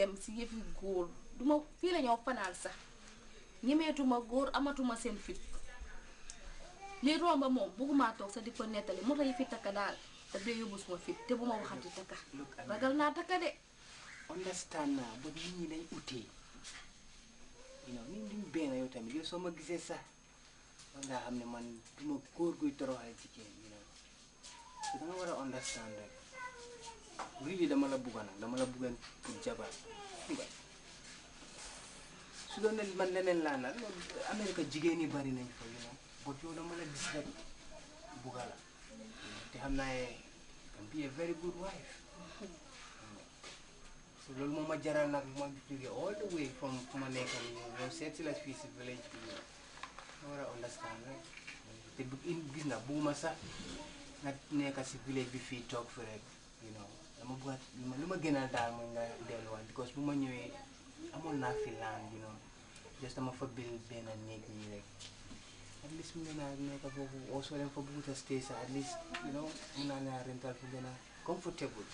dem si yëfi góor du ma fii la ñoo fanaan sax ñemeetuma góor amatuma seen fit li romba moom bëgguma toog sa di ko nettali moo tax yi takka daal daf dee yóbbu suma fit te bu ma waxati takka ragal naa takka de understand naa ba nit ñi dañ utee you know nit duñ benn yow tamit yow soo ma gisee sax man ngaa xam ne man duma góor guy toroxale jigéen you know danga war a understand rek Mimi tidak la bëggoon nag dama la bëggoon pour jabar lana, Amerika doon ne man leneen laa naan bari nañ fa yow can be a very good wife so loolu moo ma jaral nag all the way from fu ma nekkal yow seet si la fii si village bi yow ma war a understand rek te gis na bëgguma sax nga nekkal si village bi you lu ma gënal daal mooy nga delluwaat because bu ma ñëwee amoon naa fi laan you know just dama fa bil benn néeg yi rek at least mun naa nekk foofu oo soo dem fa bëggut a stay sax at least you know mun naa naa rental fu gën a comfortable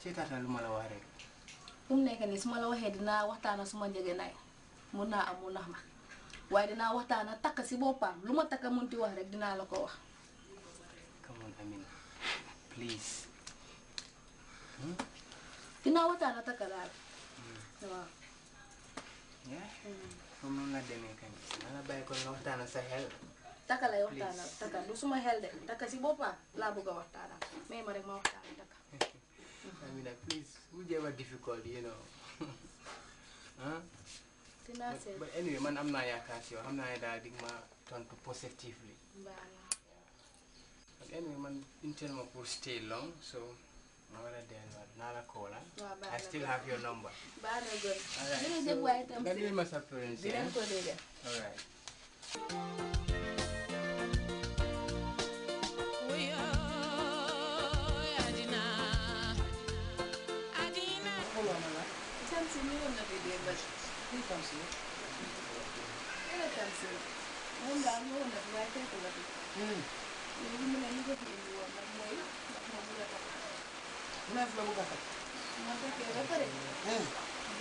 seetaatal lu ma la wax rek fu mu nekk nii su ma la waxee dinaa waxtaana suma njëgënaay mun naa am mu nax ma waaye dinaa waxtaan ak takk si boppam lu ma takk munti wax rek dinaa la ko wax. come on Amina please. Hmm? dinaa waxtaan ak takk daal. Hmm. waaw. Ya? comme hmm. noonu la demee kan. kañ. na la bàyyi ko nga waxtaan ak sa xel. takk lay waxtaan ak takk du suma xel de takk si boppam laa bëgg a waxtaan ak mais ma rek ma waxtaan ak Amina please bu jéem a difficult you know. but, but anyway man i am not naa yaakaar I'm not naa ne daal di ma to positively. but anyway man in tell ma stay long so ma war a delluwaat naa I still have your number. Bye, no góor. all right so nga ma sa parents. dinañ all right. neuf la bëgg a faj. ma fekkee ba pare.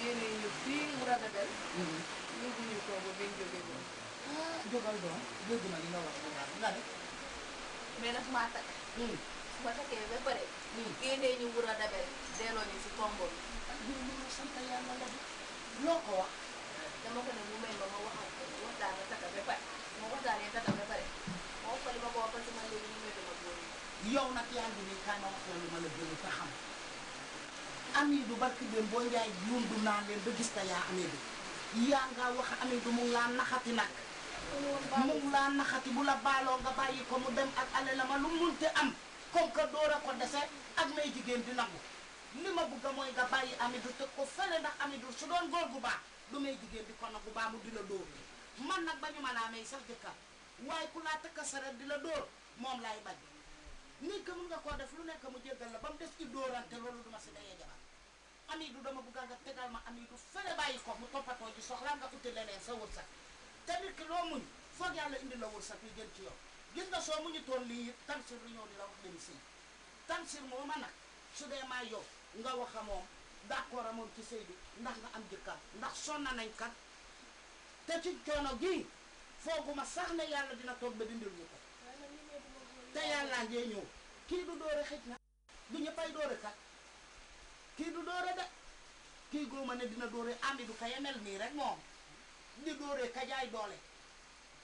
génne ñu fii mu rafetal. Mhm. yóbbu ñu ko ba biñ jógee ko. ah jógal doon dégg na li nga wax nga def. mais nag maa takk. Hmm. ma fekkee ba pare. Hmm. génne ñu mu rafetal. Amidou barki dem boo njaay juum du naan leen ba gis ta yaa Amidou yaa nga wax Amidou mu ngi laa naxati nag mu ngi laa naxati bu la baaloo nga bàyyi ko mu dem ak ale la ma lu munte am comme que door a ko dese ak may jigéen di nangu ni ma bëgg mooy nga bàyyi Amidou teg ko fële ndax Amidou su doon góor gu baax du may jigéen di ko nag bu baax mu di la dóor man nag ba ñu mën a amee sax jëkkër waaye ku laa tëkka saret di la dóor moom laay bañ nit que mun nga koo def lu nekk mu jéggal la ba mu des ci dóorante loolu duma si dayee Amidou dama bëgg nga tegal ma Amidou fële bàyyi ko mu toppatoo ji soxlaa nga uti leneen sa wërsëg te nit ki loo muñ foog yàlla indi la wërsëg yu gën ci yow gis nga soo muñu toon lii Tamsir lu ñëw di la wax dem si Tamsir moo ma nag su dee maa yow nga wax a moom d'accord amoon ci sëy bi ndax nga am jëkkër ndax sonn nañ kat te ci coono gii fooguma sax ne yàlla dina toog ba dindil ñu ko te yàlla ngee ñëw kii du dóore xëj na du ñëppay dóore kat kii góoma ne dina dóoree Amidou Ka yemel nii rek moom di dóoree ka jaay doole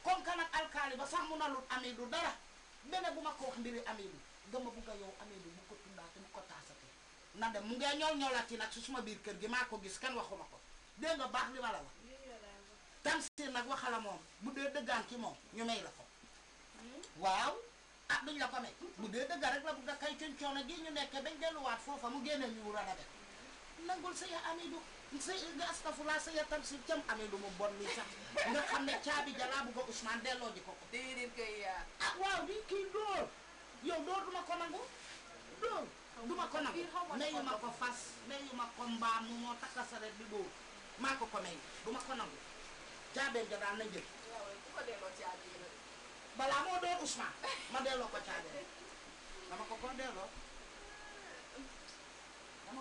comme que nag alkaali ba sax mu nalut Amidou dara beneen bu ma ko wax mbiri Amidou dama bugg a yow Amidou bu ko tundaate bu ko taasate na dem mu ngee ñool ñoolati nag su suma biir kër gi maa ko gis kenn waxuma ko dégg nga baax li ma la wax Tamsir nag waxala moom bu dee dëggaan ki moom ñu may la ko waaw ah duñ la ko may bu dee dëgga rek la bugg kay coñ coono gi ñu nekk bañ delluwaat foofa mu génnee ñu nangul saya amidu saya enggak astagfirullah saya tam jam amidu mo bon ni sax nga xamne ciabi jalabu go ousmane delo ji ko dedet kay ya ah bikin di ki dor yow dor duma ko nangu dor duma ko nangu neyuma ko fas neyuma ko mbaam mu mo takasaret bi bo mako ko may duma ya, ko nangu ciabe ja dal na jël ko delo ciabi bala mo dor ko ciabe dama ko ko delo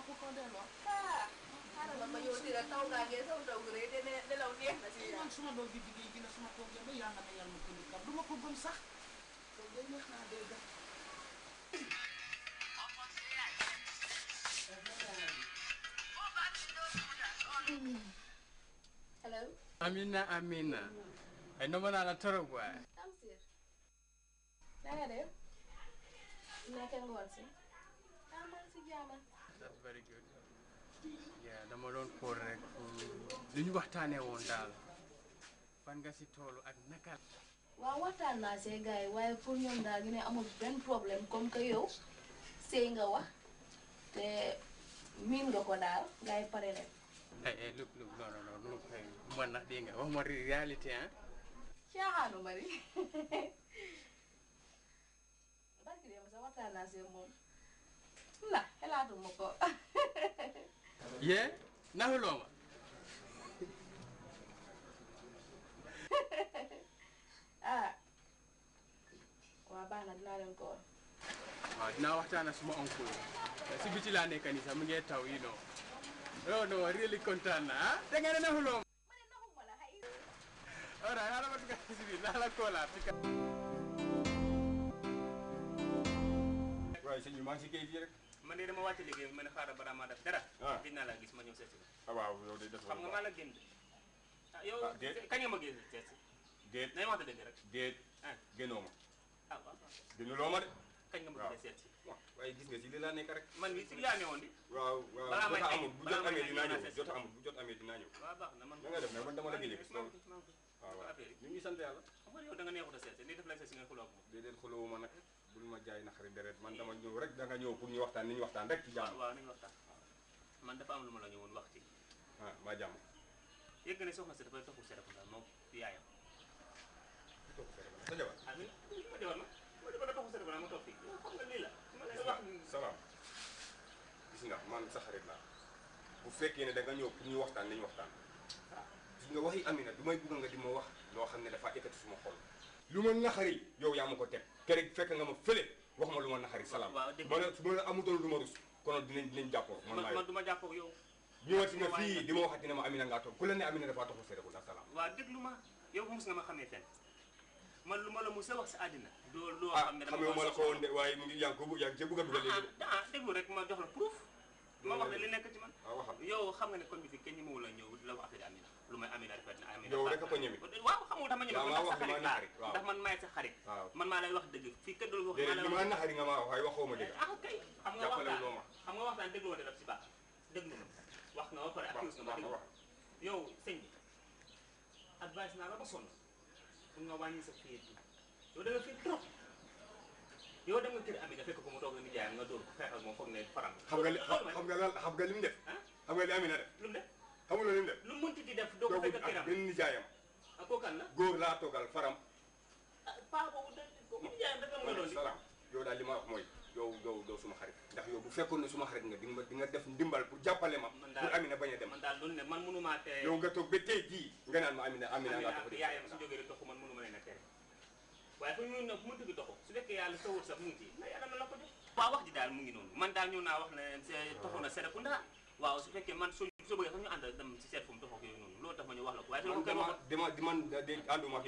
pourquoi de ma. ah xaaral ma ma ñëw si la taw ngaa ngeen sama taw gu rëy de ne nelaw neex na si. man suma doom bi liggéey gi ne suma toog ba yaa nga ne yàlla ma ko ndikam du ma ko gëm sax. loolu day wax naa day def. hello. Amina Amina. ay na ma naa la torop waaye. Tamsir. na nga def. naka ngoon si. ah man si jaama. that's very good yeah dama doon xool rek lu ñu waxtaanee woon daal fan nga si toolu ak naka. waaw waxtaan naa see gars yi waaye pour ñoom daal ñu ne amul benn problème comme que yow sëy nga wax te miin nga ko daal gars pare rek. eh eh look look non non non eh, man nag dégg nga wax ma réalité ah. caaxaanu ma di barki dem sa waxtaan naa see moom. Nah, ela dum ko ye na hulo ma ah wa bana dina len ko wa dina waxtana si biti la nekk ni sax mi ngi no really content na da nga na hulo mané na humala hay Right, so you might get here man de dama wàcc liggéey man xaaral bara maa def dara ah. sesi. naa laa gis ma ñëw seet si la ah, waaw yow de def xam nga maa la génn ah yow ah, kañ nga ma génn seet si déet nañ wax dëgg rek déet Wah, ma ah waaw génnuloo ma de kañ nga ma gën a seet si waaye gis nga si li laa nekk rek man mi si laa newoon di waaw waaw jot amul bu jot amee dinaa ñëw jot amul bu jot amee dinaa ñëw waaw baax na man nga def nag man dama la génne waaw waaw ñu sant yàlla xam nga yow da nga neexut a seet ni def la seet nga xuloo ak moom déedéet xuloo bul ma jaay deret man dama ñëw rek da nga pour ñu waxtaan ni ñu waxtaan rek ci jàmm waaw nañ waxtaan man dafa am lu la ñëwoon wax ci ah ma jàmm yëg ne soxna dafa yaayam sa amin ma jabar ma ma dafa toxu serekunda ma toog fii xam nga lii la ma lay wax salaam gis nga man sa xarit bu fekkee ne da nga ñëw pour ñu waxtaan ni ñu waxtaan gis nga waxi amina nga di ma wax loo xam ne dafa yëkkati suma xol luma naxari yow yaa ma ko teg kereg fekk nga ma fële wax ma luma naxari salaam ma ne su ma la amutoon luma rus kono dinañ dinañ jàppoo man maa duma jàppoo yow ñëwati nga fii di ma waxati ne ma amina ngaa toog ku la ne amina dafa taxu sédagul la salaam waaw déglu ma yow bu mus nga ma xamee fenn man lu ma la musa wax si àddina doo loo ah, xam ne dama xamee ma la ko woon de waaye mu ngi yaa ngi ko yaa ngi cee ah, ah déglu rek ma jox la proof yow xam nga ne kon bi fi kenn ñëwul la ñëw di la wax affaire Amina lu may Amina rafet na Amina yow rek ko ñëwi waaw ma ñëw ndax sa xarit laa ndax man maay sa xarit man maa lay wax dëgg fii kenn du wax ma la naxari nga wax ay waxoo ma dëgg ah, si baax déglu ma wax nga ba pare accuse nga ma yow sëñ bi da nga fiir trop yow dem nga kër Amina fekk ko mu toog ni jaayam nga dóor ko feexal moom foog ne faram xam nga xam nga mu def Aku nga li Amina def. lu mu def lu mu tidak lu mu mënti di Aku kan faram. ah udah? boobu de kooku nijaayam dafa mooy loolu. salaam yow daal li ma wax mooy yow yow doo suma xarit. def ndimbal ma. man daal pour Amina bañ a dem. man daal loolu ne man mënu maa tee. yow nga toog ba tey jii. nga naan ma Amina Amina laa tax a. yaayam su jógee rek doxu man mënu ma leen a tere waaye fu ñu nag fu mu dugg su sawul mu ngi na ko def wax mu ngi man wax na waaw su fekkee man soo soo bëggee sax ñu ànd dem si seet fu mu doxoo yooyu loolu tax ma ñu wax la ko man de ànduma ak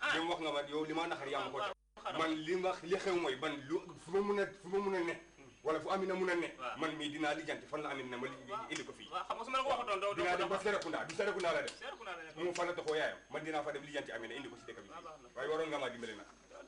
ah. wax nga ma li ma naxar yaa ma ko teg ah, man li ma li xew mooy ban lu fu ma mun a a ne hmm. wala fu Amina mun a ne man mii dinaa lijjanti fan la Amina ma indi ko fii dinaa dem ba Serekunda du Serekunda la dem mu fan la taxoo yaayam man dinaa fa dem lijjanti Amina indi ko si dëkk bi ah, waaye waroon nga maa dimbale nag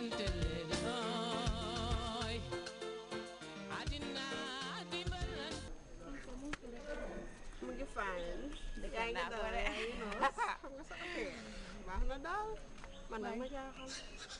mu ngi fine the guy ngi dara you know xam nga sa affaire baax na daal man dama jaaxal